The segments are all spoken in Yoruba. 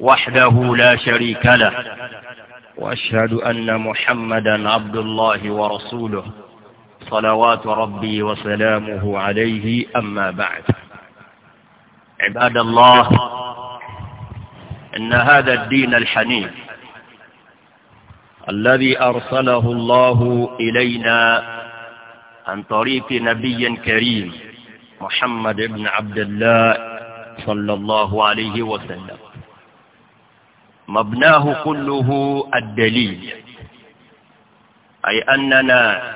وحده لا شريك له وأشهد أن محمدا عبد الله ورسوله صلوات ربي وسلامه عليه أما بعد عباد الله إن هذا الدين الحنيف الذي أرسله الله إلينا عن طريق نبي كريم محمد بن عبد الله صلى الله عليه وسلم مبناه كله الدليل أي أننا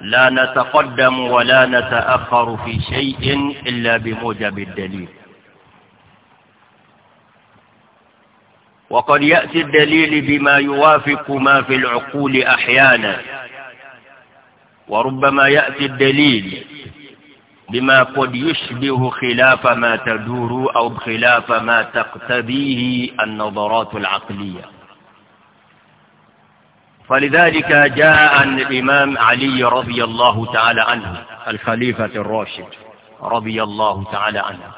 لا نتقدم ولا نتأخر في شيء إلا بموجب الدليل وقد يأتي الدليل بما يوافق ما في العقول أحيانا وربما يأتي الدليل بما قد يشبه خلاف ما تدور أو خلاف ما تقتضيه النظرات العقلية فلذلك جاء عن الإمام علي رضي الله تعالى عنه الخليفة الراشد رضي الله تعالى عنه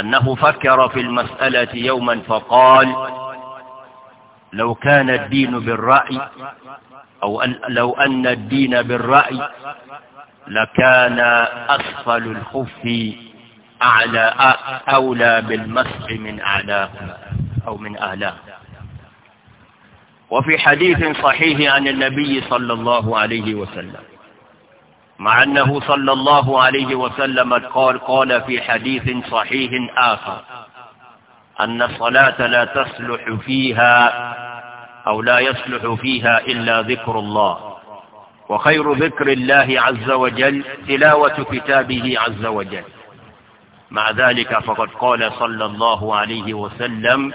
أنه فكر في المسألة يوما فقال لو كان الدين بالرأي أو أن لو أن الدين بالرأي لكان أسفل الخف أعلى أولى بالمسح من أعلاه أو من أعلاه وفي حديث صحيح عن النبي صلى الله عليه وسلم مع أنه صلى الله عليه وسلم قال قال في حديث صحيح آخر أن الصلاة لا تصلح فيها أو لا يصلح فيها إلا ذكر الله وخير ذكر الله عز وجل تلاوة كتابه عز وجل مع ذلك فقد قال صلى الله عليه وسلم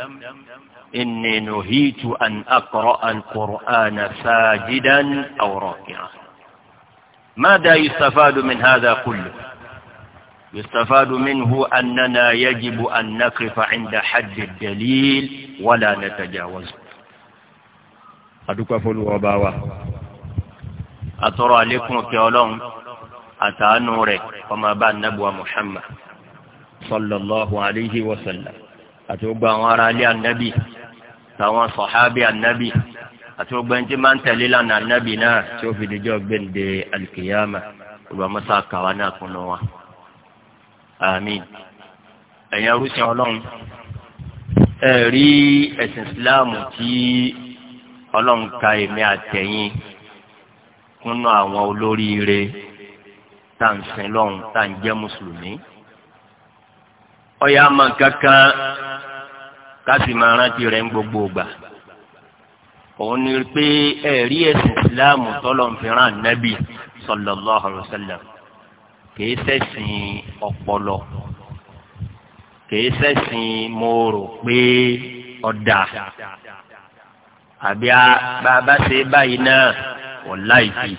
إني نهيت أن أقرأ القرآن ساجدا أو راكعا ماذا يستفاد من هذا كله يستفاد منه أننا يجب أن نقف عند حد الدليل ولا نتجاوزه أدوك فلو أباوه atọrọ alekun kẹ Ọlọ́run àtàánú rẹ̀ ọmọ bá anabuwa Muhammad sallallahu alayhi wa sallam àti gbogbo àwọn ará ilé anabi tàwọn sọhábì anabi àti gbogbo ẹni tí máa ń tẹ̀lé lánà anabi náà tí ó fi dijọ́ gbẹ̀ǹde alikiyama olùwàmọ́sá kàwá náà kún un wa àmín ẹ̀yin arúsìn Ọlọ́run ẹ ẹ̀sìn Islam tí Ọlọ́run ka èmi àtẹ̀yìn kún náà àwọn olóríire tá à ń sin lọ́hùn tá à ń jẹ́ mùsùlùmí. ọ̀yà àmà kankan ká sì máa rántí rẹ̀ ń gbogbo ìgbà. òun ni pé ẹ̀rí ẹ̀sìn ìsìláàmù tọ́lọ̀ ń fi rán nábì sallallahu alaihi wasallam kìí ṣẹ̀sìn ọpọlọ kìí ṣẹ̀sìn mo rò pé ọ̀dà àbí bàbá ṣe báyìí náà kọ̀ láìsí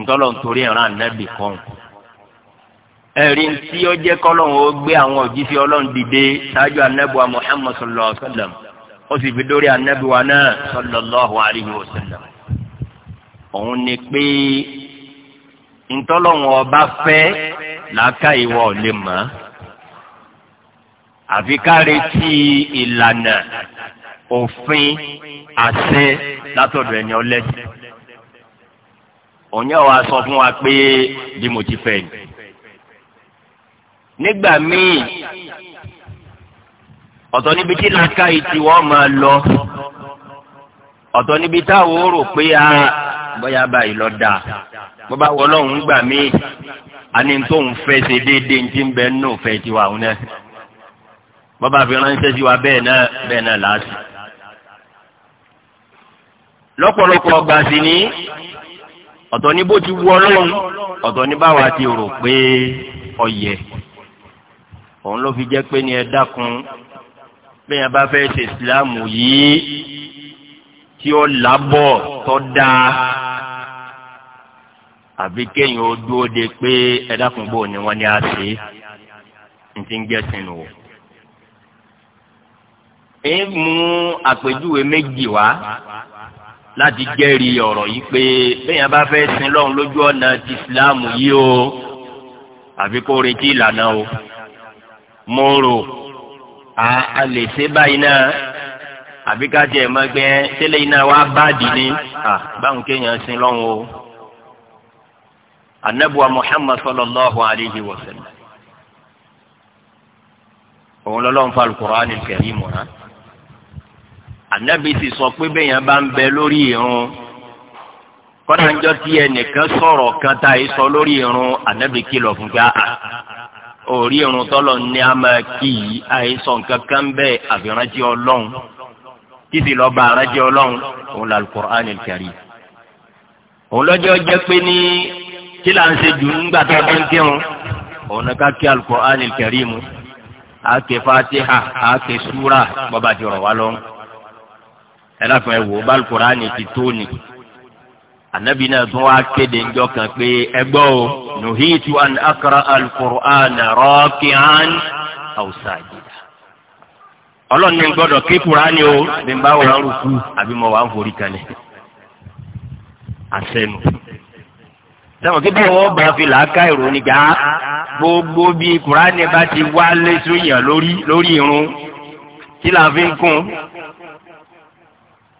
ntọ́lọ̀ nítorí ẹ̀rọ ànábì kan ẹ̀rí ntí ó jẹ́ kọ́lọ́hún ó gbé àwọn òjíṣẹ́ ọlọ́run dìde ṣáájú anábìwa Muhammad sallallahu alayhi wa sallam ó sì fi dórí anábìwa náà sallallahu alayhi wa sallam òun ni pé ntọ́lọ́hún ọba fẹ́ làákà ìwọ ò lè mọ̀ àfi ká retí ìlànà òfin àṣẹ látọ̀dọ̀ ẹni ọlẹ́sìn òun yẹ wàá sọ fún wa pé bí mo ti fẹ́ ni. nígbà míì ọ̀tọ̀ níbi tí làákàyè tí wọ́n máa lọ ọ̀tọ̀ níbi táwọn ò rò pé a ah, bóyá báyìí lọ dà bó bá wọ lọ́hùn gbà mí àní tóun fẹ́ ṣe déédéé ní ti ń bẹ nínú òfẹ́ tiwa òun náà bó bá fi ránṣẹ́ sí wa bẹ́ẹ̀ náà bẹ́ẹ̀ náà làásì lọ́pọ̀lọpọ̀ ọgbà sí ni ọ̀tọ̀ ní bó ti wù ọlọ́run ọ̀tọ̀ ní báwa ti rò pé ọyẹ òun ló fi jẹ́ pé ní ẹ dákun bẹ́ẹ̀ yẹn bá fẹ́ ṣe ìsìláàmù yìí tí ó lábọ̀ tó dáa àbí kéèyàn ó dúró de pé ẹ dákun bò ní wọ́n ní á ṣe é n ti ń gẹ̀sìn nù. ń mú àpèjúwe méjì wá láti jẹ́rìí ọ̀rọ̀ yìí pé bẹ́yàn bá fẹ́ sin lọ́run lójú ọ̀nà ti islam yìí o àfi kó retí ìlànà o mo rò a lè ṣe báyìí náà àbí ká tiẹ̀ mọ́ gbẹ́ tẹ́lẹ̀ iná wa báàdì ni báwọn kéèyàn sin lọ́run o anabuwa muhammad sallallahu alayhi wa sallam òun lọ́lọ́run fa alukur'an kẹrìmù náà ànábì sì sọ pé bẹ́yàn bá ń bẹ lórí irun kọ́dájọ́ tí ẹnìkan sọ̀rọ̀ kan tá a sọ lórí irun ànábì kìlọ̀ fún ká orí irun tọ́lọ̀ ní a máa kí yìí àìsàn nǹkan kan bẹ́ẹ̀ àfìránjẹ́ ọlọ́run títí lọ́ọ́ bá ọlọ́run òun la Al-Qur'an òun lọ́jọ́ jẹ́ pé ní kí là ń ṣe jù nígbà tó bá ń kírun òun ká kí Al-Qur'an mu àáké fatiha àáké súra bọ́bá ti rọ̀ wá lọ́rùn ẹlẹ́fọ̀ ẹ̀ wò ó báàlù kùránì ti tó ni ànábì náà tún wá kéde ńjọ kan pé ẹgbọ́ o nuhitu an akra alukur'ana raki'an aw sajida ọlọ́ni gbọ́dọ̀ ké kùránì o bí n bá wà ń rúkú àbí mo wà ń forí kalẹ̀ àṣẹnu sẹ́wọ̀n kí báwo bá fi làákà ìròyìn gbà á gbogbo bí kùránì bá ti wá lé sóyìn lórí irun tí làá fi ń kún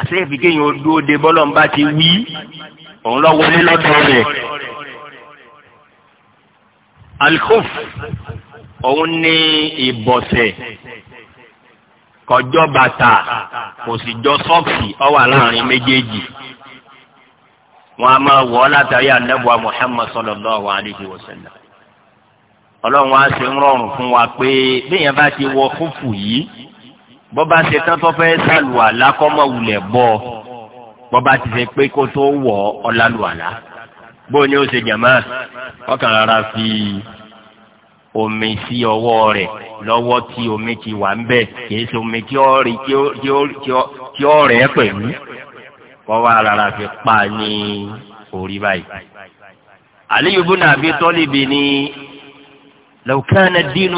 àtẹ́yẹ̀fì kéèyàn ó dúró de bọ́lọ̀ ń bá ti wí òun lọ wọlé lọ́dọ̀ rẹ̀ alkhuf òun ní ìbọ̀sẹ̀ kọjọ́ bàtà kò sì jọ sọ́ọ̀kì ó wà láàrin méjèèjì wọn a máa wọ̀ ọ́ látàrí anábùwà Muhammad sallallahu alayhi wa sallam ọlọ́run á ṣe ń rọrùn fún wa pé bí èèyàn bá ti wọ kúfù yìí bọ́ba ṣe tán tó fẹ́ sàlùwàlá kọ́ mọ̀ wulẹ̀ bọ́ bọ́ba ti ṣe pé kó tó wọ̀ ọ́ lálùwàlá bó ni ó ṣe jàmá ọkàn rárá fi omi sí ọwọ́ rẹ̀ lọ́wọ́ tí omi ti wà ń bẹ̀ kìí ṣe omi tí ó rí tí ó rẹ̀ pẹ̀lú kọ́wá rárá fi pa ní orí báyìí. Aliyu bin Abi Talib ni law kana ad-dinu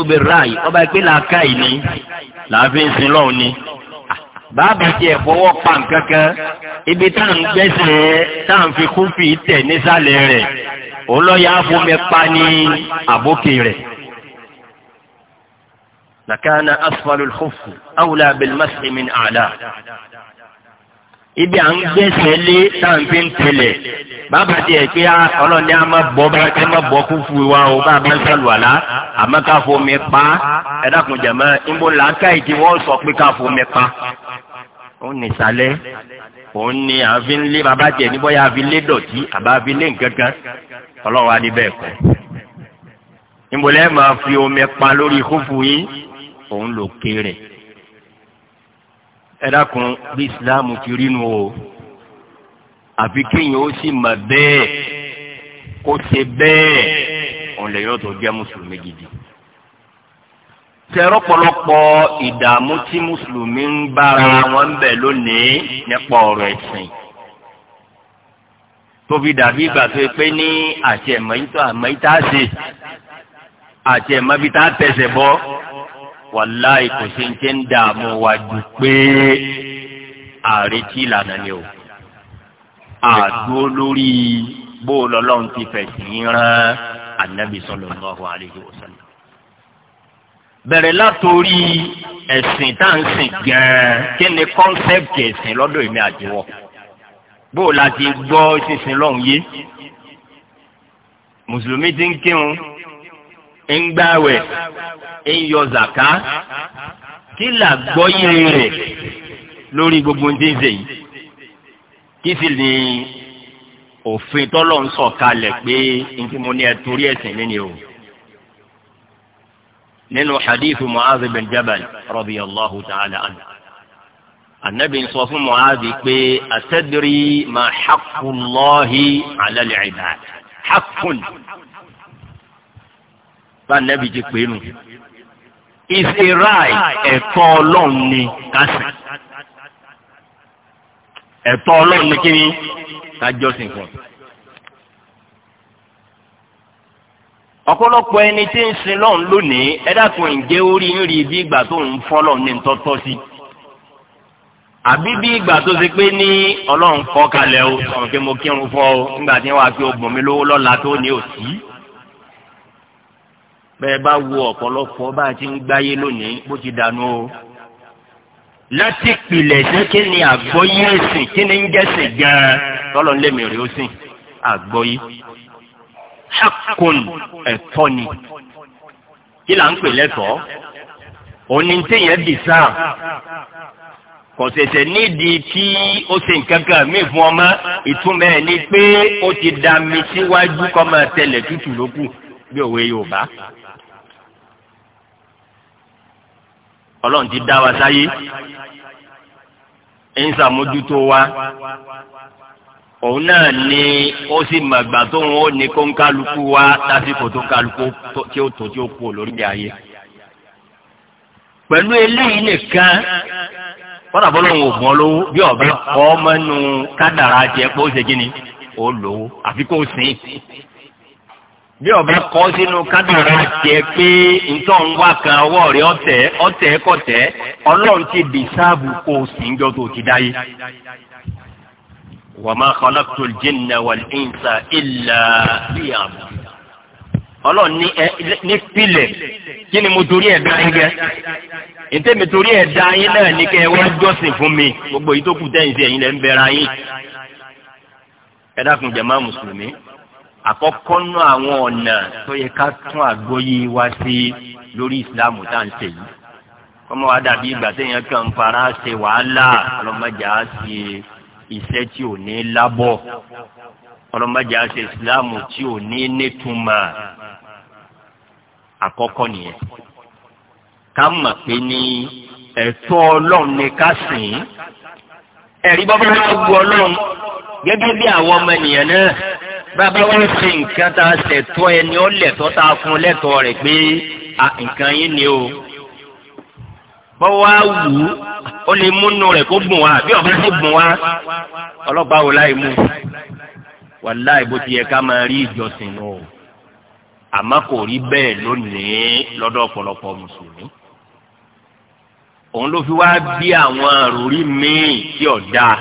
ọba ìpínlẹ̀ akáyìí ni làá fi ń sin lọ́hùn ni bàbá tiẹ̀ fọwọ́ pa nǹkan kan ibi tá à ń gbẹ́sẹ̀ tá à ń fi kú fi tẹ̀ nísàlẹ̀ rẹ̀ olóyè àfọmẹ́ pa àbókè rẹ̀. لكان أسفل الخف أولى بالمسح من أعلاه ibi à ń gbẹ́sẹ̀ lé táǹfì ń tẹ̀lẹ̀ bàbá tiẹ̀ pé ah, ọlọ́ni a máa bọ́ bára kẹ́ máa bọ́ kú wa o bá a bá ń sálù àlá àmọ́ ká fomi pa ẹ dákun jẹ̀mọ́ níbo làákà ìdí wọ́n sọ pé ká fomi pa òun ní ìsàlẹ̀ òun ní àfi ń lé bàbá tiẹ̀ ní bóyá àfi lé dọ̀tí àbá àfi lé nǹkankan ọlọ́run á ní bẹ́ẹ̀ kọ́ níbo lẹ́ẹ̀ máa fi omi pa lórí kúfù yín òun lò kéré ẹ dákun bí ìsìláàmù ti rí nu o àfi kéèyàn ó sì mà bẹ́ẹ̀ kó ṣe bẹ́ẹ̀ ọ̀lẹ́ yóò tó jẹ́ mùsùlùmí gidi. sẹ́rọ̀ pọ̀lọpọ̀ ìdààmú tí mùsùlùmí ń bára wọn ń bẹ̀ lónìí nípa ọ̀rọ̀ ẹ̀sìn tóbi dàbí ìgbà tó pé ní àti ẹ̀mọ́ ìtọ́ àmọ́ ìtá ṣe àti ẹ̀mọ́ bí tá a tẹ̀sẹ̀ bọ́ wàláì kò sí ń tẹ́ ń dààmú wa ju pé àrètí ìlànà ni o àdúró lórí bó lọ́lọ́run ti fẹ̀sìn rán ànábì sallallahu alayhi wa sallam. bẹ̀rẹ̀ látòrí ẹ̀sìn tá à ń sìn gan-an kí ni kọ́nsẹ́pì ẹ̀sìn lọ́dọ̀ èmi àjẹwọ́ bó la ti gbọ́ sísìn lọ́hùn yé mùsùlùmí ti ń kírun ń gbàwẹ̀ ń yọ zàká kí làgbọ́yé rẹ̀ lórí gbogbo ń dín zèyí kí sì ni òfin tọ́lọ̀ ń sọ kalẹ̀ pé ntí mo ní ẹ torí ẹ̀sìn nínú o nínú hadithu mu'adh bin jabal radiyallahu ta'ala anhu anabi ń fún mu'adh pé atadri ma haqqullahi ala al-ibad bá nẹ́bi ti pè é nù. ìsirai ẹ̀tọ́ ọlọ́run ni kásì. ẹ̀tọ́ ọlọ́run ni kíni kájọ́sìn fún. ọ̀pọ̀lọpọ̀ ẹni tí ń sin lọ́run lónìí ẹ dákun ǹjẹ́ orí ń rí bí ìgbà tó ń fọ́ lọ́run ní tọ́tọ́ sí. àbí bí ìgbà tó ṣe pé ní ọlọ́run kọ́ kalẹ̀ o sọ̀rọ̀ pé mo kírun fọ́ o nígbà tí wọ́n á fi oògùn mi lówó lọ́la tó ní òsì bẹ́ẹ̀ bá wo ọ̀pọ̀lọpọ̀ bá a ti ń gbáyé lónìí bó ti dànù o. láti pilẹ̀ kí ni àgbọ́yé ẹ̀sìn kí ni ń jẹ́sìn gan-an tọ́lọ̀ ńlẹ́mì rẹ̀ ó sìn àgbọ́yé. hakun ẹ̀tọ́ ni kí là ń pè lẹ́tọ̀ọ́ òní téèyàn dì sáà kọ̀sẹ̀sẹ̀ nídìí tí ó ṣe nǹkan kan mí fún ọmọ ìtumọ̀ ẹ̀ ni pé ó ti dá mi síwájú kọ́ máa tẹ̀lẹ̀ tútù lókù bí òwe Yorùbá. ọlọ́run ti dá wa sáyé ń sàmójútó wa òun náà ni ó sì màgbà tóun ó ní kó ń kálukú wa lásìkò tó ń kálukú tí ó tó tí ó kú lórílẹ̀ ayé pẹ̀lú eléyìí nìkan wọ́n àbọ̀ lóun ògùn olówó bí ọ̀bẹ kọ́ mẹ́nu kádàrá jẹ́ pé ó ṣe kí ni ó lò àfi kó sìn bí ọba kọ sínú kádàrá tiẹ̀ pé ntọ́ ń wá kan ọwọ́ rẹ̀ ọ̀tẹ̀ ọ̀tẹ̀ kọ̀tẹ̀ ọlọ́run ti dìsáàbù kó o sì ń jọ tó ti dáyé. wa ma khalaqtul jinna wal insa illa liya'budun. ọlọ́run ní ẹ ní pilẹ̀ kí ni mo torí ẹ̀ dá yín gẹ́. ǹtẹ́ mi torí ẹ̀ dá yín náà ní kẹ́ ẹ jọ́sìn fún mi gbogbo yìí sí ẹ̀yin lẹ́ bẹ̀rẹ̀ ayé. ẹ dákun jàmá mùsùlùmí àkọ́kọ́ nú àwọn ọ̀nà tó yẹ ká tún àgbóyé wá sí lórí ìsìláàmù tá à ń ṣe yìí kọ́mọ wa dàbí ìgbà téèyàn kàn fara ṣe wàhálà ọlọ́mọdé á ṣe iṣẹ́ tí ò ní lábọ̀ ọlọ́mọdé á ṣe ìsìláàmù tí ò ní nítumọ̀ àkọ́kọ́ nìyẹn ká mọ̀ pé ní ẹ̀tọ́ ọlọ́run ni ká sìn ẹ̀rí bọ́bá náà gbọ́ ọlọ́run gẹ́gẹ́ bí àwọn ọmọ ènìyàn náà bàbá wa ń ṣe nǹkan tá a ṣẹ̀tọ́ ẹni ó lẹ̀tọ́ tá a fún lẹ́tọ́ rẹ̀ pé nǹkan yín ni o bọ́wá wù ú ó lè múnú rẹ̀ kó gùn wá bí ọ̀bá sì gùn wá ọlọ́pàá wò láì mú wàláì bó ti yẹ ká máa rí ìjọsìn nù o àmọ́ kò rí bẹ́ẹ̀ lónìí lọ́dọ̀ ọ̀pọ̀lọpọ̀ mùsùlùmí òun ló fi wá bí àwọn àròrí míì tí ọ̀ dáa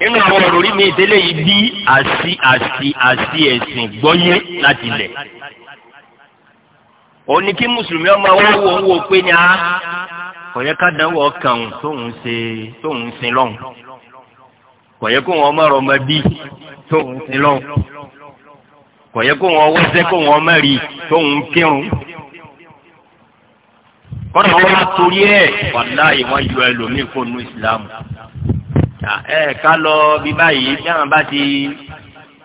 nínú àwọn ọ̀rọ̀ orí mi ìdílé yìí bí àṣì àṣì àṣì ẹ̀sìn gbọ́yé láti lẹ̀. òun ni kí mùsùlùmí ọmọ wọn wò ń wò pé ní a kò yẹ ká dánwò ọkàn òun tóun ṣe tóun sin lọ́hùn kò yẹ kó wọn ọmọ rọ ọmọ bí tóun sin lọ́hùn kò yẹ kó wọn wọ́sẹ́ kó wọn ọmọ rí tóun kírun kọ́nà wọn torí ẹ̀ wàláyé wọn yọ ẹlòmíì fóònù ìsìlámù ẹ ká lọ bí báyìí bí àwọn bá ti bí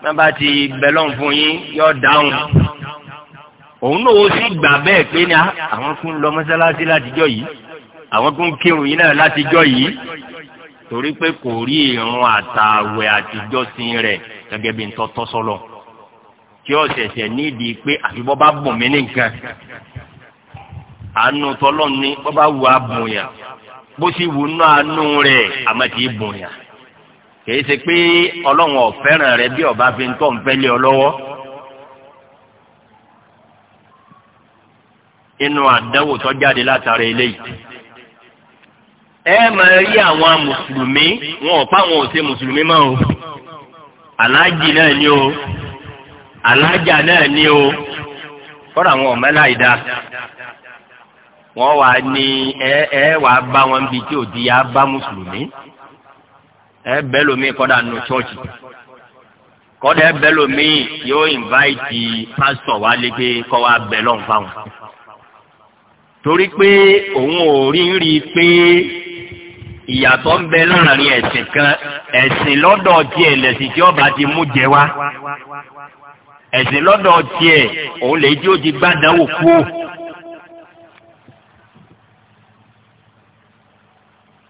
wọ́n bá ti bẹ̀lọ́n fún yín yọ dáhùn òun náà ó sì gbà bẹ́ẹ̀ pé ní àwọn tún lọ mọ́sálásí látijọ́ yìí àwọn tún kírun yín náà látijọ́ yìí torí pé kò rí ìrun àtàwẹ̀ àtijọ́ sí rẹ̀ bí ntọ́tọ́ sọ́lọ̀ kí ó ṣẹ̀ṣẹ̀ nídìí pé àfibọ́ bá bùn mí nìkan àánú tọ́lọ́ ní bọ́ bá wù á bùn yàn bó sì wù nù àánú rẹ̀ àmọ́ kì í bùn yàn kì í ṣe pé ọlọ́run ọ̀fẹ́ràn rẹ bí ọba fi ń tọ́ ń fẹ́ lé ọ lọ́wọ́. inú àdánwò tó jáde látara eléyìí ẹ máa rí àwọn mùsùlùmí wọn ò pa ò ṣe mùsùlùmí mọ́ o aláàjì náà ni o aláàjà náà ni o kọ́ra àwọn ọ̀mẹ́láìda wọ́n wà ní ẹ ẹ wàá bá wọn bí tí ò di yá bá mùsùlùmí ẹ bẹ́ẹ̀ lomi nù chọ́ọ̀chì kọ́dà ẹ yóò invite pásítọ̀ wá léke kọ́ wa bẹ́ẹ̀ lọ́n fáwọn torí pé òun ò rí rí i pé ìyàtọ̀ ń bẹ láàrin ẹ̀sìn kan ẹ̀sìn lọ́dọ̀ tiẹ̀ lẹ̀sìn tí ọba ti mú jẹ wá ẹ̀sìn lọ́dọ̀ tiẹ̀ òun lè jí ó ti gbádàá òkú o.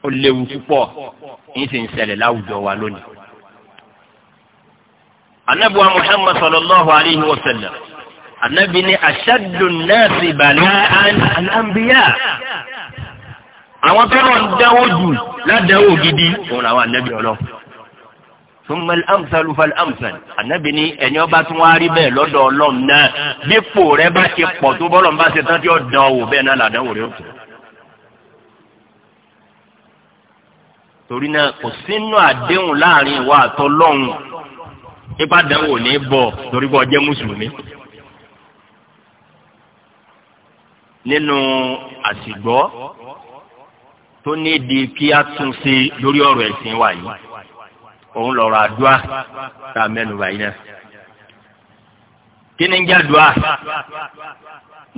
ó léwu púpọ̀ ní sì ń ṣẹlẹ̀ láwùjọ wa lónìí. anabuwa muhammad sallallahu alayhi wa sallam anabi ni aṣadu nẹ́ẹ̀sì bala'an al-anbiya àwọn tó lọ ń dáwọ́ jù ládàáwò gidi òun làwọn anabi ọlọ́ summa al-amsalu fal-amsal anabi ni ẹni ọba tún wá rí bẹ́ẹ̀ lọ́dọ̀ ọlọ́run náà dípò rẹ bá ṣe pọ̀ tó bọ́lọ̀ ń bá ṣe tán tí ó dán wò bẹ́ẹ̀ náà làdánwò rẹ ó tó. torí náà kò sínú àdéhùn láàrin ìwà àtọlọ́hún ìbàdàn wò ní bọ̀ torí bọ́ jẹ́ mùsùlùmí. nínú àsìgbọ́ tó ní di kí a tún ṣe lórí ọ̀rọ̀ ẹ̀sìn wa yìí òun lọ̀rọ̀ àdúrà tá a mẹ́nu báyìí náà. kí ni ń jàdúrà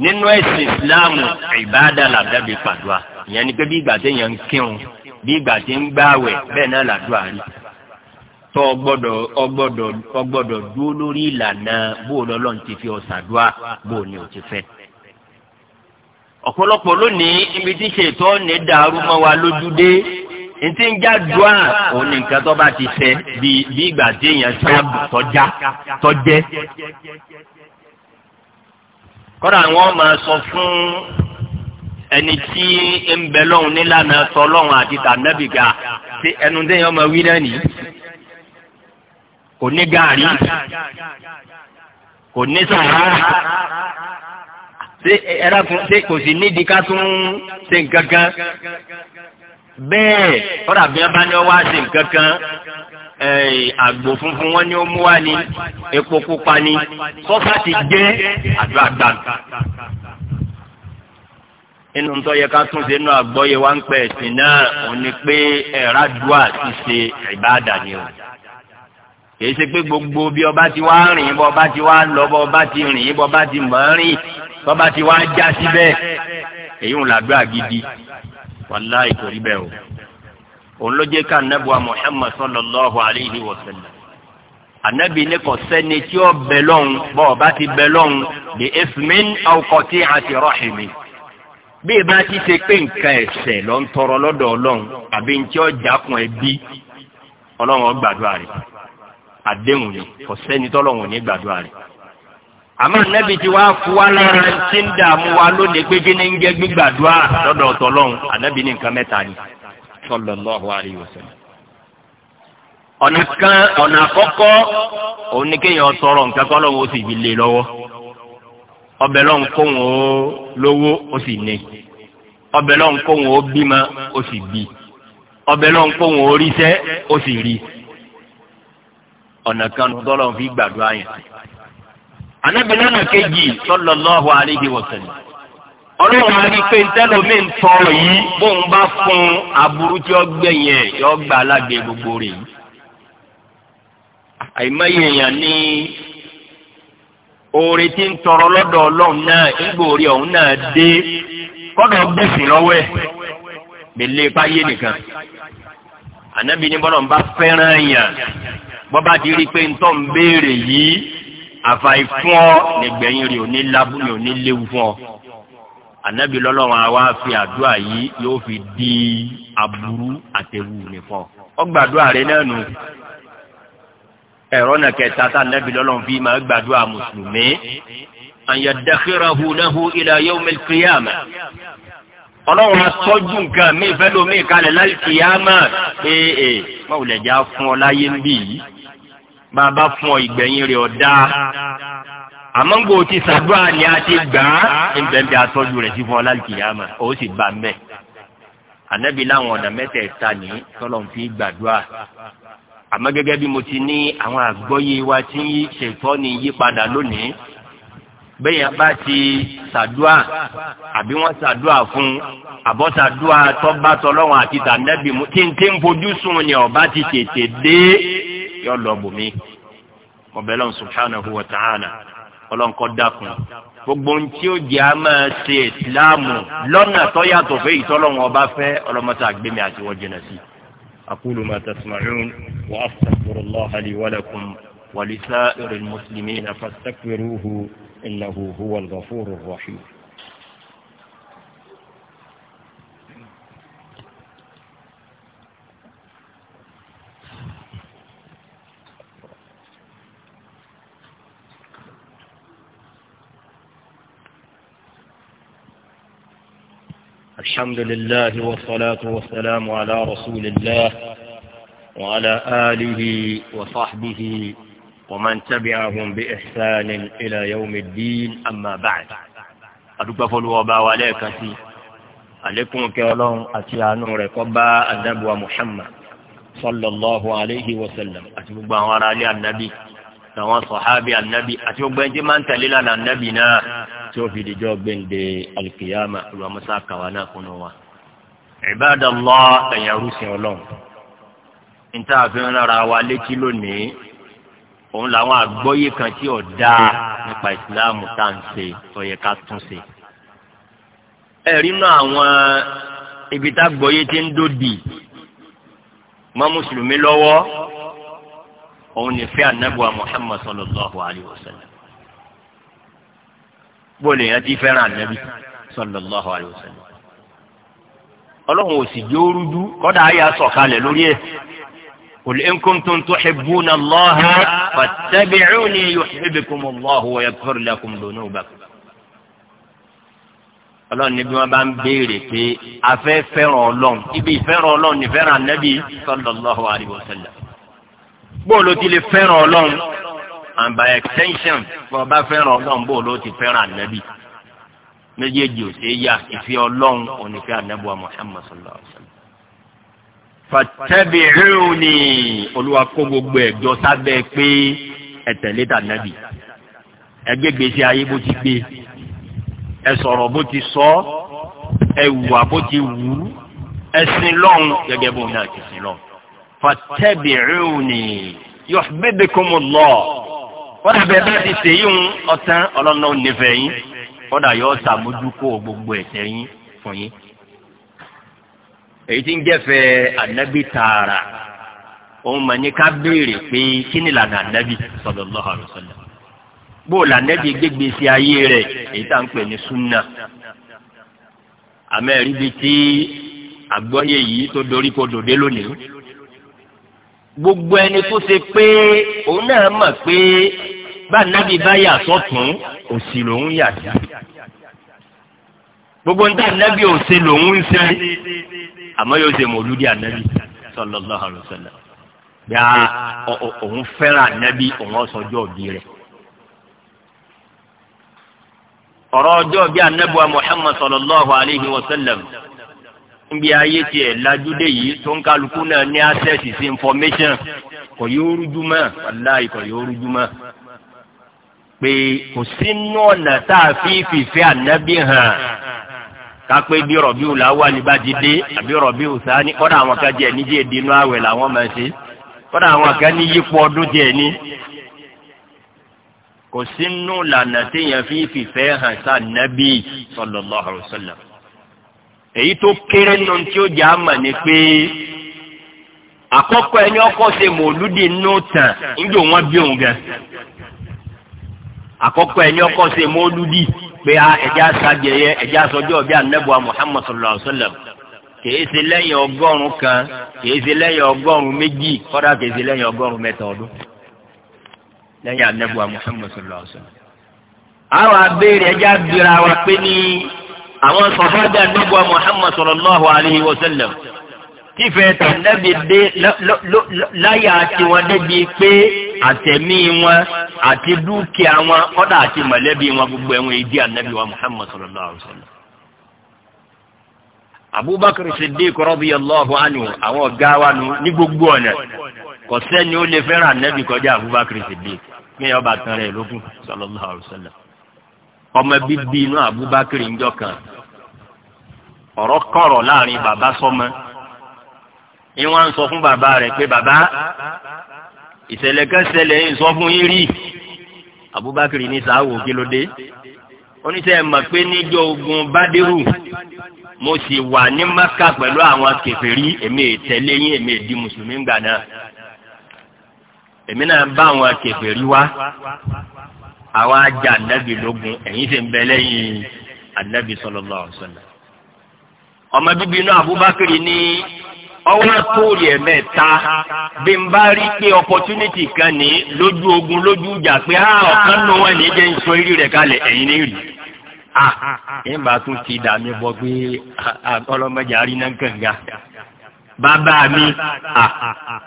nínú ẹ̀sìn ìsìláàmù ìbáàdà làbẹ́bí pàdúrà ìyẹn ni pé bí ìgbà téèyàn ń kírun bí ìgbà tí ń gbààwẹ̀ bẹ́ẹ̀ náà làdúrà rí tọ ọgbọ́dọ̀ ọgbọ́dọ̀ ọgbọ́dọ̀ dúró lórí ìlànà bó lọlọrun ti fi ọsàdúà bó ni ò ti fẹ́. ọ̀pọ̀lọpọ̀ lónìí ibi tí ṣètò ọ̀nẹ́ dàrú mọ́ wa lójú dé ntí ń já dùá òun ní nǹkan tó bá ti fẹ́ bí bí ìgbà tí èèyàn tọ́já tọ́jẹ́. kọ́dà àwọn máa sọ fún ẹni tí ń bẹ lọ́hùn nílànà sọlọ́hùn àti tànàbìgà tí ẹnu déyàn ọmọ wí náà nìyí kò ní gaari kò ní sàrà ṣé ẹ̀rọ fún ṣé kò sí nídìí ká tún ṣe nǹkan kan bẹ́ẹ̀ kọ́dà bí wọ́n bá ní wá ṣe nǹkan kan àgbò funfun wọn ni ó mú wá ní epo pupa ní sọ́fà ti jẹ́ àdúrà gbàgbà inú tó yẹ ká tún ṣe inú àgbọ́yé wa ń pẹ́ ẹ̀sìn náà òun ni pé ẹ̀rá dùá ti ṣe ìbáàdà ni o kì í ṣe pé gbogbo bí ọba ti wá rìn bọ́ ọba ti wá lọ bọ́ ọba ti rìn bọ́ ọba ti mọ̀ ń rìn bọ́ ọba ti wá já síbẹ̀ èyí ń làdúrà gidi wàláì kò bẹ́ẹ̀ o òun ló jẹ́ ká anábùwà wa sallam anábì lọ́hùn bọ́ ọba ti bẹ lọ́hùn bí ismin aw bí ìbá ti ṣe pé nǹkan ẹ̀ṣẹ̀ lọ ń tọrọ lọ́dọ̀ ọlọ́run àbí ntí ọjà kun ẹbí ọlọ́run ó gbàdúrà rẹ̀ àdéhùn ni kò sẹ́ni tọ́lọ́run ní gbàdúrà rẹ̀. àmọ́ nẹ́bi ti wá fún wa lára tí ń dààmú wa lónìí pé kí ni ń jẹ́ gbígbàdúrà lọ́dọ̀ ọ̀tọ̀lọ́run ànábì ní nǹkan mẹ́ta ni sallallahu alaihi wasallam. ọ̀nà kan ọ̀nà àkọ́kọ́ òun ni kéèyàn tọrọ ọbẹ̀ lọ́n kóhùn ó lówó ó sì ní ọbẹ̀ lọ́n kóhùn ó bímọ ó sì bí ọbẹ̀ lọ́n kóhùn ó ríṣẹ́ ó sì rí ọ̀nà kan tọ́lọ̀ fi gbàdúrà yẹn. Ànábì lọ́nà kejì sallallahu alaihi wa sallam. ọlọ́run á rí i pé ntẹ́lómi ń tọrọ yìí bóun bá fún aburú tí ó gbẹ̀yìn ẹ̀ yọ gbà alágbè gbogbo rẹ̀ yìí. àìmọye èèyàn ní oore tí ń tọrọ lọ́dọ̀ ọlọ́run náà ńgbò orí ọ̀hún náà dé kọ́dọ̀ gbèsìn lọ́wọ́ ẹ̀ gbèlè páyé nìkan ànábì ní bọ́lọ̀ ń bá fẹ́ràn yàn bọ́ba ti rí i pé ntọ́ ń béèrè yìí àfàì fún ọ nígbẹ̀yìn rẹ̀ ò ní labú ni ò ní léwu fún ọ ànábì lọ́lọ́run àwa fi àdúrà yìí yóò fi di aburú àtẹ̀wù nìfọ̀ ọgbàdúrà rẹ náà nù ẹ̀rọ náà kẹta tá nàbí lọ́lọ́run fi máa gbàdúrà mùsùlùmí àyà dàkírà hu náhu ilà yóò mi kìyàmà ọlọ́run asọ́jú nǹkan mi ìfẹ́ lomi ìkalẹ̀ láì kìyàmà ee mọ̀wùlẹ̀jà fún ọ láyé ń bì yìí bàbá fún ọ ìgbẹ̀yìn rẹ̀ ọ̀dá àmọ́ gbòò ti sàdúrà ni a ti gbà á ìbẹ̀m̀bẹ̀ àtọ́jú rẹ̀ sí fún ọ láì kìyàmà ó sì bá mẹ́ ànábì àmọ́ gẹ́gẹ́ bí mo ti ní àwọn àgbọ́yé wa tí ń ṣètọ́ ni yí padà lónìí bẹ́yẹn bá ti ṣàdúà àbí wọ́n ṣàdúà fún àbọ̀ ṣàdúà tọ́ba tọlọ́wọ́n àti tànẹ́bì mú tí n ti ń fojú sùn ni ọba ti tètè dé yọ lọ bùnmi ọbẹ̀lọ́n subhanahu wa ta'ala ọlọ́nkọ́ dákun gbogbo ń tí ó jẹ́ a ṣe ìsìláàmù lọ́nà tó fẹ́ ìtọ́lọ́wọ́n ọba fẹ́ ọlọ́mọta àgbẹ̀mí àti wọ́n jẹ́nà sí i. أقول ما تسمعون وأستغفر الله لي ولكم ولسائر المسلمين فاستكبروه إنه هو الغفور الرحيم الحمد لله والصلاة والسلام على رسول الله وعلى آله وصحبه ومن تبعهم بإحسان إلى يوم الدين أما بعد أدوك فلو أبا وليك سي عليكم كيولون أتيانو ركبا النبوة محمد صلى الله عليه وسلم أتبقى ورالي النبي نوان صحابي النبي أتبقى جمان تليلنا النبي نا tí ó fi dijọ́ gbẹ̀ǹde alikiyama olùwàmúsá kàwá náà kúnnú wa. Ibadallah ẹ̀yàrú sin ọlọ́run. níta àfihàn ara wa létí lónìí òun làwọn àgbọ́yé kan tí ò dáa nípa ìsìláàmù tá à ń ṣe tó yẹ ká tún ṣe. ẹ̀rí náà àwọn ibi tá gbọ́yé ti ń dòdì mọ́ mùsùlùmí lọ́wọ́ òun ní fẹ́ ànábùwà Muhammad sallallahu alayhi wa bọ́lẹ̀ àti fẹ́ràn àlẹ́bí sọ̀lọ̀ lọ́hùn àlùsẹ̀lẹ̀. ọlọ́run ò sì jó rúdú kọ́dà àyà sọ̀kalẹ̀ lórí ẹ̀. قل إن كنتم تحبون الله فاتبعوني يحببكم الله ويغفر لكم ذنوبكم. قال النبي ما بان بيري في أفي فرولون إبي فرولون نفر النبي صلى الله عليه وسلم. بولو تيلي فرولون and by extension bọ́ọ̀bá fẹ́ràn ọlọ́run bó ló ti fẹ́ràn ànábì méjèèjì ò ṣe é yá ìfẹ́ ọlọ́run onífẹ́ ànábì wa Muhammad sallallahu alaihi wa sallam. fattabi'uni olúwa kó gbogbo ẹ̀jọ́ sábẹ́ pé ẹ̀tẹ̀lé tànábì ẹgbẹ́gbèsè ayé bó ti gbé ẹ sọ̀rọ̀ bó ti sọ ẹ wùwà bó ti wù ú ẹ sìn lọ́run gẹ́gẹ́ bó náà ti sìn lọ́run fattabi'uni yuhbibkumullah. kọ́dà bẹ́ẹ̀ bá ti sèyí ń ọ̀tán ọlọ́nà ò yín kọ́dà yọ sàmójúkó gbogbo ẹ̀ṣẹ̀ yín fún yín. èyí tí ń jẹ́fẹ́ ànábì tààrà òun mà ní ká béèrè pé kí ni lànà bó o lànàbì gbégbé sí ayé èyí tá à ń pè ní súnà. àmọ́ ẹ̀rí bíi àgbọ́yé yìí tó gbogbo ẹni tó ṣe pé òun náà mọ̀ pé bá nábì bá yà sọ́tún òsì lòun yà sí. gbogbo níta nábì òsè lòun ń ṣe àmọ́ yóò ṣe mọ̀lúdí ànábì sallallahu alaihi wasallam. bí a òun fẹ́ràn ànábì òun ọ̀sọ́jọ́ òbí rẹ̀. ọ̀rọ̀ ọjọ́ bí ànábì wa Muhammad sallallahu alaihi wasallam níbi ayé tiẹ̀ lajú yìí tó ń kálukú náà ní access sí information kò yóò rújú mọ́ wàláì kò yóò rújú mọ́ pé kò sínú ọ̀nà tá a fi fìfẹ́ ànábì hàn kápé bí rọ̀bí òlà wà ní bá ti dé àbí rọ̀bí òsà ní kọ́dà àwọn kan jẹ́ níjẹ́ dínú àwẹ̀ làwọn máa ṣe kọ́dà àwọn kan ní yípo ọdún jẹ́ ní. kò sínú lànà téèyàn fi fìfẹ́ hàn sáà nábì sallallahu alaihi wasallam. èyí tó kéré nù tí ó jà mà ní pé àkọ́kọ́ ẹni ọkọ ṣe mòlúdì nù tàn níjó wọn bí òun gan àkọ́kọ́ ẹni ọkọ ṣe mòlúdì pé ẹjẹ aṣáájẹyẹ anabuwa muhammad sallallahu alaihi wa sallam ṣe lẹ́yìn ọgọ́rùn kan ṣe lẹ́yìn ọgọ́rùn méjì kọ́dà ṣe lẹ́yìn ọgọ́rùn mẹ́ta ọdún lẹ́yìn anabuwa muhammad sallallahu alaihi wa sallam. àwọn abéèrè wa pé ní. àwọn sọ̀hábà nàbọ̀ Muhammad sallallahu alayhi wa sallam tífẹ̀ẹ́ tànàbí dé láyà tiwọn débi pé àtẹ̀mí wọn àti dúkìá wọn kọ́dà àti mọ̀lẹ́bí wọn gbogbo ẹ̀wọ̀n ìdí ànábì wa Muhammad sallallahu alayhi wa sallam. Abubakar Siddiq radiyallahu anhu àwọn ọ̀gá wa nù ní gbogbo ọ̀nà kò sẹ́ni ó lè fẹ́ràn ànábì kọjá Abubakar Siddiq kí ẹ̀ ọba tán rẹ̀ lókun sallallahu alayhi wa ọmọ bíbí inú Abubakar ńjọ kan ọ̀rọ̀ kọ̀rọ̀ láàrin bàbá sọ́mọ ni wọ́n ń sọ fún bàbá rẹ̀ pé bàbá ìṣẹ̀lẹ̀ kan ṣẹlẹ̀ ń sọ fún yín rí Abubakar ní sáwò kí ló dé oníṣẹ́ mọ̀ pé níjọ́ ogun bádẹ́rù mo sì wà ní Maka pẹ̀lú àwọn kèfèrí èmi ètẹ̀lé yín èmi èdè mùsùlùmí gbà náà èmi náà bá àwọn kèfèrí wá àwa ajá ànábì lógun ẹ̀yin sì ń bẹ lẹ́yìn ànábì sallallahu alaihi wasallam. ọmọ bíbí inú Abubakar ní ọwọ́ tóòlì ẹ̀mẹ́ta bí n bá rí pé opportunity kan ní lójú ogun lójú ìjà pé á ọ̀kan nù wọn ní jẹ́ nsọ eré rẹ̀ kalẹ̀ ẹ̀yin ní rí. ẹ̀ máa tún ti dà mí bọ́ pé ọlọ́mọdé àríná kànga bàbá mi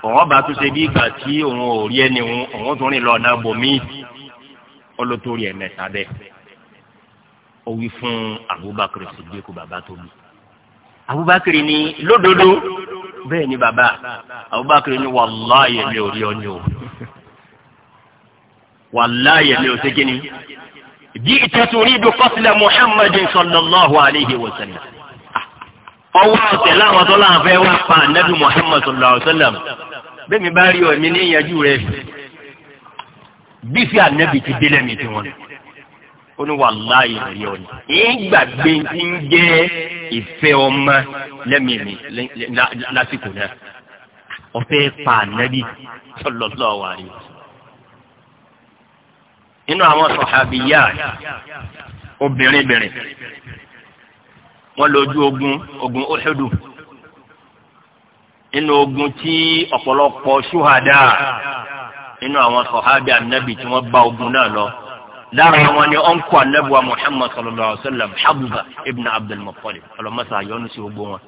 ọ̀hún bá tún ṣe bí ìgbà tí òun ò rí ẹni òun òun tún rìn lọ ọ̀nà bòmí ọlọ́tọ́rí ẹ̀ mẹ́ta bẹ́ẹ̀ ó wí fún Abubakar Siddiq bàbá tó bí Abubakar ni lódodo bẹ́ẹ̀ ni bàbá Abubakar ni wàláyé mi ò rí ọ ní o wàláyé mi ò ṣe kí ni ji'ta turidu qatla Muhammadin sallallahu alayhi wa sallam ọwọ́ ọ̀tẹ̀ láwọn tó láwọn fẹ́ wá pa anabi Muhammad sallallahu alayhi wa sallam bẹ́ẹ̀ mi bá rí ọ èmi ní ìyànjú rẹ̀ bí fi ànẹ́bì ti délẹ̀ mi tiwọn ó ní wàláyé rí ọ ni ìgbàgbé ti ń jẹ́ ìfẹ́ ọmọ lẹ́mìí lásìkò náà ọ̀fẹ́ pa ànẹ́bì sọlọ́lọ́ wà rí nínú àwọn sọ̀hábìyà obìnrin bìnrin wọ́n lójú ogun ogun Uhudu nínú ogun tí ọ̀pọ̀lọpọ̀ ṣúhàdá nínú àwọn sọ̀hábì ànábì tí wọ́n bá ogun náà lọ lára wọn ni ọ̀nkọ ànábì wa muhammad sallallahu alayhi wa sallam habuba ibn abdul muttalib ọlọmọsà yọnu sí gbogbo wọn.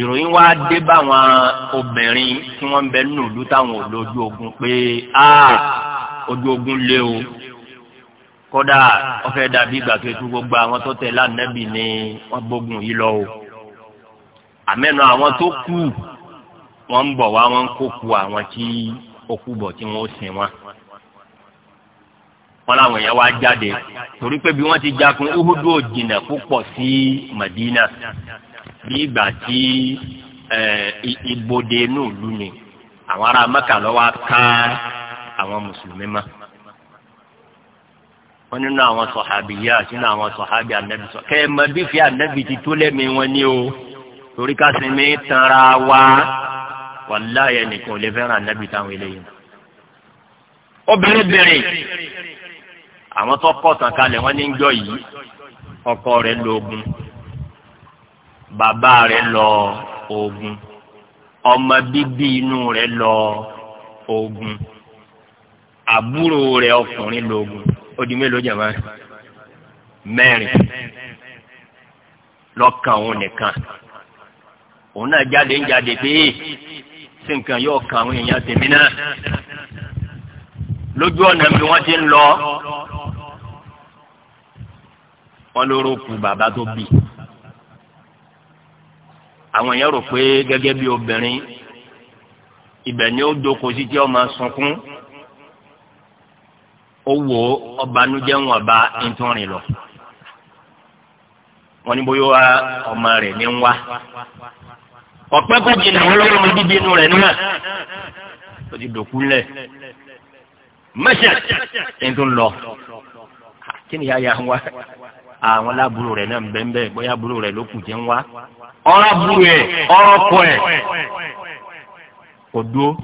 ìròyìn wa dé bá àwọn obìnrin tí wọ́n ń bẹ nínú ìlú táwọn ò lójú ogun pé ojú ogun lé o kódà ọfẹ dàbí ìgbà tó tún gbogbo àwọn tó tẹ lánàbì ni wọ́n gbógun yìí lọ o àmẹnu àwọn tó kù wọ́n ń bọ̀ wá wọ́n ń kó ku àwọn tí òkú bọ̀ tí wọ́n sin wọn. wọ́n láwọn yẹn wá jáde torí pé bí wọ́n ti jagun uhudu òjìnà púpọ̀ sí Madina bí ìgbà tí ibodè inú ìlú ni àwọn ará Mẹ́kà lọ́wọ́ ká àwọn mùsùlùmí mọ́ wọn nínú àwọn sọhábìyà sínú àwọn sọhábì ànábì sọ kẹ ẹ mọ bí fi ànábì ti tó lẹ́mìí wọn ni o torí ká sinmi tanra wa wàláyé ẹnìkan ò lè fẹ́ràn ànábì táwọn eléyìí. obìnrin bìnrin àwọn tó kọ́ tàn kalẹ̀ wọ́n ní ń jọ yìí ọkọ rẹ̀ lọ ogun bàbá rẹ̀ lọ ogun ọmọ bíbí inú rẹ̀ lọ ogun àbúrò rẹ̀ ọkùnrin lọ ogun ó mélòó jẹ̀ máa mẹ́rin lọ́kàn òun nìkan òun náà jáde ń jáde pé sí nǹkan yóò kan àwọn èèyàn tèmi náà lójú ọ̀nà mi wọ́n ti ń lọ wọ́n lóró ku bàbá tó bì àwọn èèyàn rò pé gẹ́gẹ́ bí obìnrin ibẹ̀ ni ó doko sí tí ó máa sunkún ó wò ó ọbanújẹ́ wọn bá ntọ́rin lọ wọ́n ní bóyá ọmọ rẹ̀ ní ń wá ọ̀pẹ́ kò jìnnà wọn lọ́wọ́ ọmọdé bí inú rẹ̀ náà ó ti dòkú lẹ̀ mẹ́sẹ̀ ẹni tó ń lọ kí ni yáya ń wá àwọn lábúrò rẹ̀ náà bẹ́ẹ̀ bóyá búrò rẹ̀ ló kù jẹ́ ń wá ọ̀rọ̀ búrò ẹ̀ ọ̀rọ̀ kọ ẹ̀ kò dúró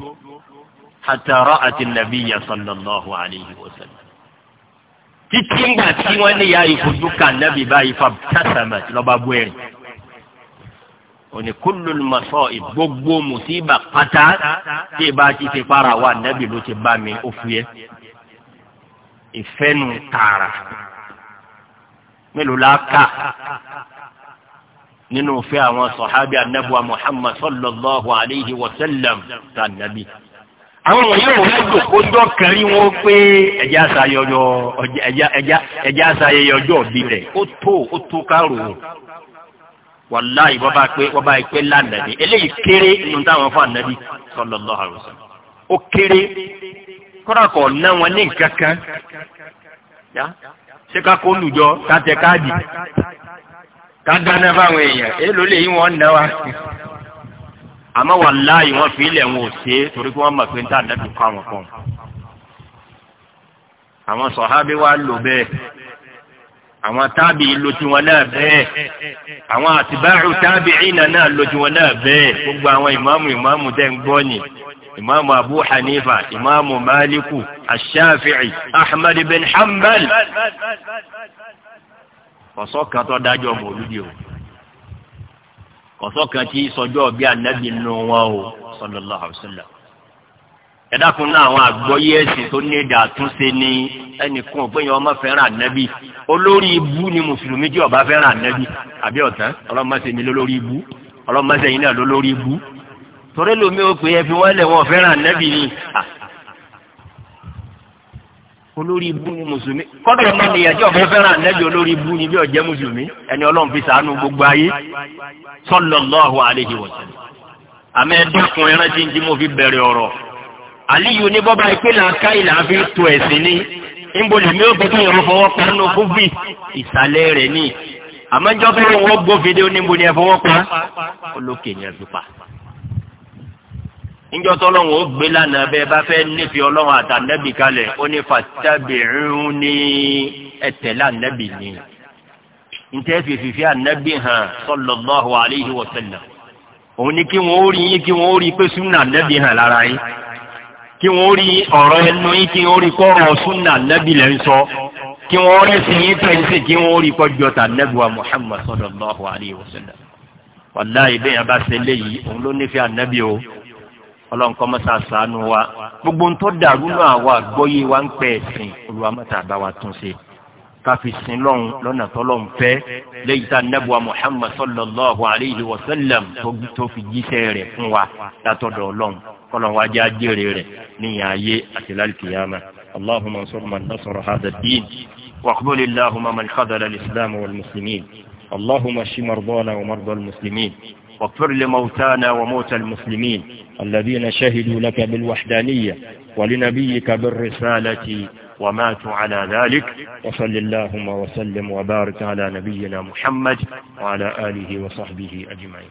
àtàrà àti nàbíyà sallallahu alayhi wa sallam títí ńgbà tí wọ́n ní ya ìfojú kan nàbí báyìí fa tásàmà lọ́ba bú ẹ̀rìn òní kúlùl masọ gbogbo musiba pátá tí ìbá ti ti para wa nẹ́bí ló ti bá mi ó fúyẹ́ ìfẹ́nu tààrà mélòó la kà nínú fẹ́ àwọn sọ̀hábí anábùwà muhammad sallallahu alayhi wa sallam ta nàbí. àwọn wọ̀nyí ò wá jòkó jọ́ kẹrí wọn pé ẹ̀já ṣayẹyẹ ọjọ́ bí rẹ̀ ó tó ó tó kárò wàláyé wọ́n bá pé wọ́n bá pé lánàbí eléyìí kéré nínú táwọn fún kere sallallahu alaihi ó kéré ná wọn ní nǹkan kan yá ṣé ká kó lùjọ ká tẹ káàdì ká dáná fáwọn èèyàn èló lè yí wọn ná wa àmọ́ wàláyé wọ́n fi ilẹ̀ wọn ò ṣe é torí wọ́n mọ̀ pé wa lò àwọn tábìí ló tiwọn náà bẹ́ẹ̀ àwọn àtibáàrù tábìí náà ló tiwọn náà bẹ́ẹ̀ gbogbo àwọn ìmáàmù ìmáàmù tẹ́ ń gbọ́ ni ìmáàmù abu hanifa ìmáàmù maliku ashafi'i ahmed bin hanbal kọ̀sọ́kan tó dájọ́ mọ̀lúdì o kọ̀sọ́kan tí sọjọ́ bí anabi nù wọn o sallallahu alaihi ẹ̀dákun náà àwọn àgbọ́yé ẹ̀sìn tó ní èdè àtúnṣe ni ẹnìkan òpéyàn ọmọ fẹ́ràn ànábì olórí ibú ni mùsùlùmí tí ọba fẹ́ràn ànábì àbí ọ̀tán ọlọ́mọṣẹ́ mi lólórí ibú ọlọ́mọṣẹ́ yìí náà lólórí ibú torí lomi ó pè é fi wọ́n lẹ̀ wọ́n fẹ́ràn ànábì ni olórí ibú ni mùsùlùmí kọ́dọ̀ ọmọ nìyẹn tí ọba fẹ́ràn ànábì olórí ibú ni bí ọ̀jẹ́ àlíyù ní bọ́ba ìpínlẹ̀ aká ìlà fi tó ẹ̀sìn ní níbolè mi ò gbẹ́kẹ̀ yẹn fọwọ́ pa nínú kófì ìsàlẹ̀ rẹ̀ ní àmọ́jọ́ fẹ́ràn wọ́n gbọ́ fídíò níbolè fọwọ́ pa olókè yẹn fi pa. níjọ́ tọ́lọ́wọ́n ó gbé lánàá bẹ́ẹ̀ bá fẹ́ nífẹ̀ẹ́ ọlọ́run àtànẹ́bì kalẹ̀ ó ní fàtàbìrún ní ẹ̀tẹ̀ lánàbì ni ntẹ́ fìfì fi ànàbì hàn sallallahu alaihi wa sallam òun ní kí wọ́n ó rí yín kí wọ́n ó rí pé súnà ànàbì hàn lára yín kí wọ́n rí ọ̀rọ̀ ẹnu yín kí wọ́n rí kọ́rọ̀ súnà nẹ́bí lẹ́ ń sọ kí wọ́n rẹ̀ sí yín pẹ̀lú kí wọ́n rí kọjọ́ tà nẹ́bùwà Muhammad sallallahu alayhi wa sallam wàláyé bẹ́ẹ̀ yẹn bá ṣe léyìí òun ló nífẹ̀ẹ́ ànábì o ọlọ́run kọ́ mọ́sá sànù wa gbogbo ń tọ́ dàrú náà wà gbọ́yé wa ń pẹ́ ẹ̀sìn olùwàmọ́ta bá wa tún ṣe. káfi sin lọ́hùn lọ́nà tọ́lọ́hùn fẹ́ lẹ́yìn tá nẹ́bùa muhammad sallallahu alayhi wa sallam tó fi jíṣẹ́ rẹ̀ fún wa látọ̀dọ̀ lọ́hùn kọ́lọ́hùn wájú ajére rẹ̀ níyàn ayé àti lálùkìyàmà allahumma ansur man nasara hada diin waqbul illahumma man khadala al-islam wal muslimin allahumma shi mardana wa marda al-muslimin واغفر لموتانا وموتى المسلمين الذين شهدوا لك بالوحدانية ولنبيك بالرسالة وماتوا على ذلك وصل اللهم وسلم وبارك على نبينا محمد وعلى آله وصحبه أجمعين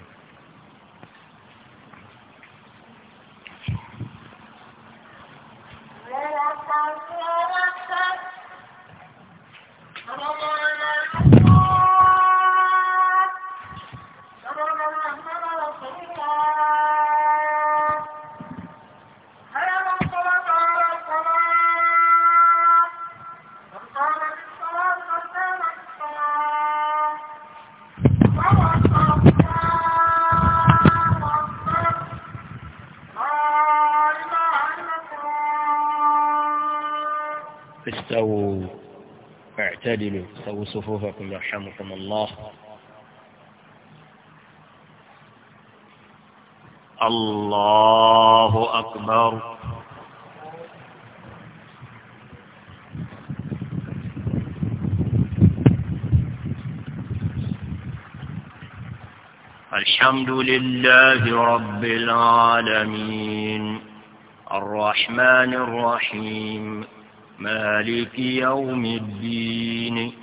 صفوفكم يرحمكم الله الله أكبر الحمد لله رب العالمين الرحمن الرحيم مالك يوم الدين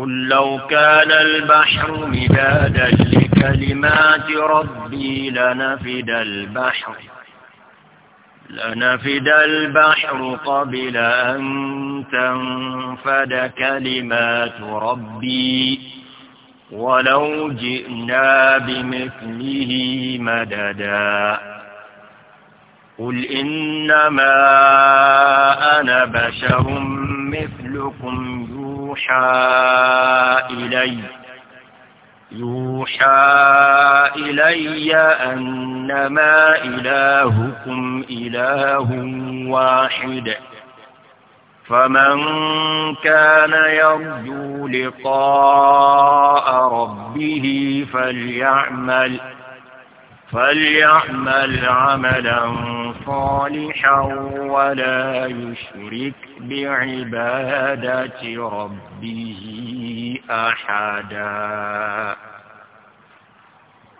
قل لو كان البحر مدادا لكلمات ربي لنفد البحر لنفد البحر قبل أن تنفد كلمات ربي ولو جئنا بمثله مددا قل إنما أنا بشر مثلكم يوحى إلي يوحى إلي أنما إلهكم إله واحد فمن كان يرجو لقاء ربه فليعمل فليعمل عملا صالحا ولا يشرك بعبادة ربه أحدا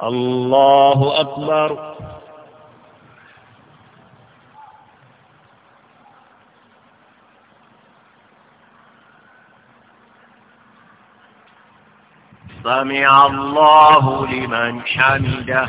الله أكبر سمع الله لمن حمده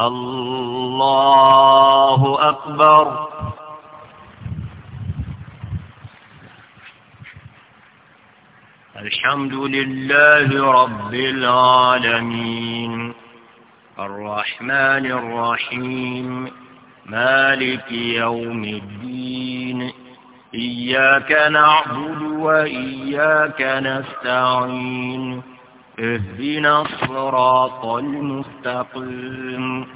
الله أكبر الحمد لله رب العالمين الرحمن الرحيم مالك يوم الدين إياك نعبد وإياك نستعين اهدنا الصراط المستقيم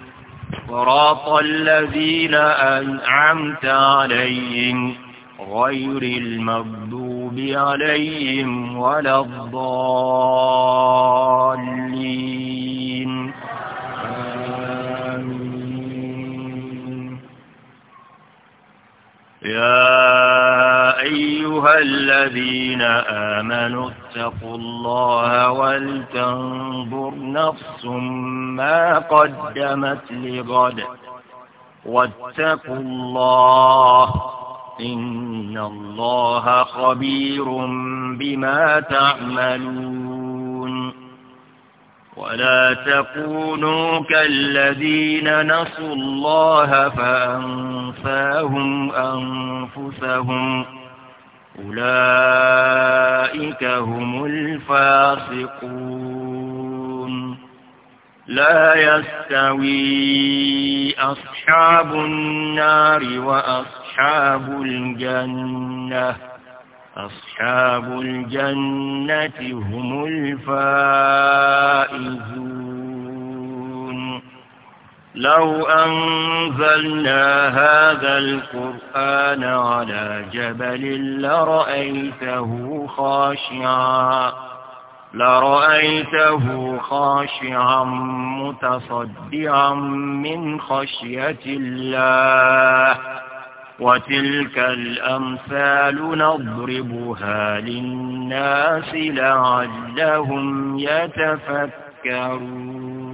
صراط الذين أنعمت عليهم غير المغضوب عليهم ولا الضالين آمين يا أيها الذين آمنوا واتقوا الله ولتنظر نفس ما قدمت لغد واتقوا الله إن الله خبير بما تعملون ولا تكونوا كالذين نسوا الله فأنفاهم أنفسهم أولئك أولئك هم الفاسقون لا يستوي أصحاب النار وأصحاب الجنة أصحاب الجنة هم الفائزون لو أنزلنا هذا القرآن على جبل لرأيته خاشعا لرأيته خاشعا متصدعا من خشية الله وتلك الأمثال نضربها للناس لعلهم يتفكرون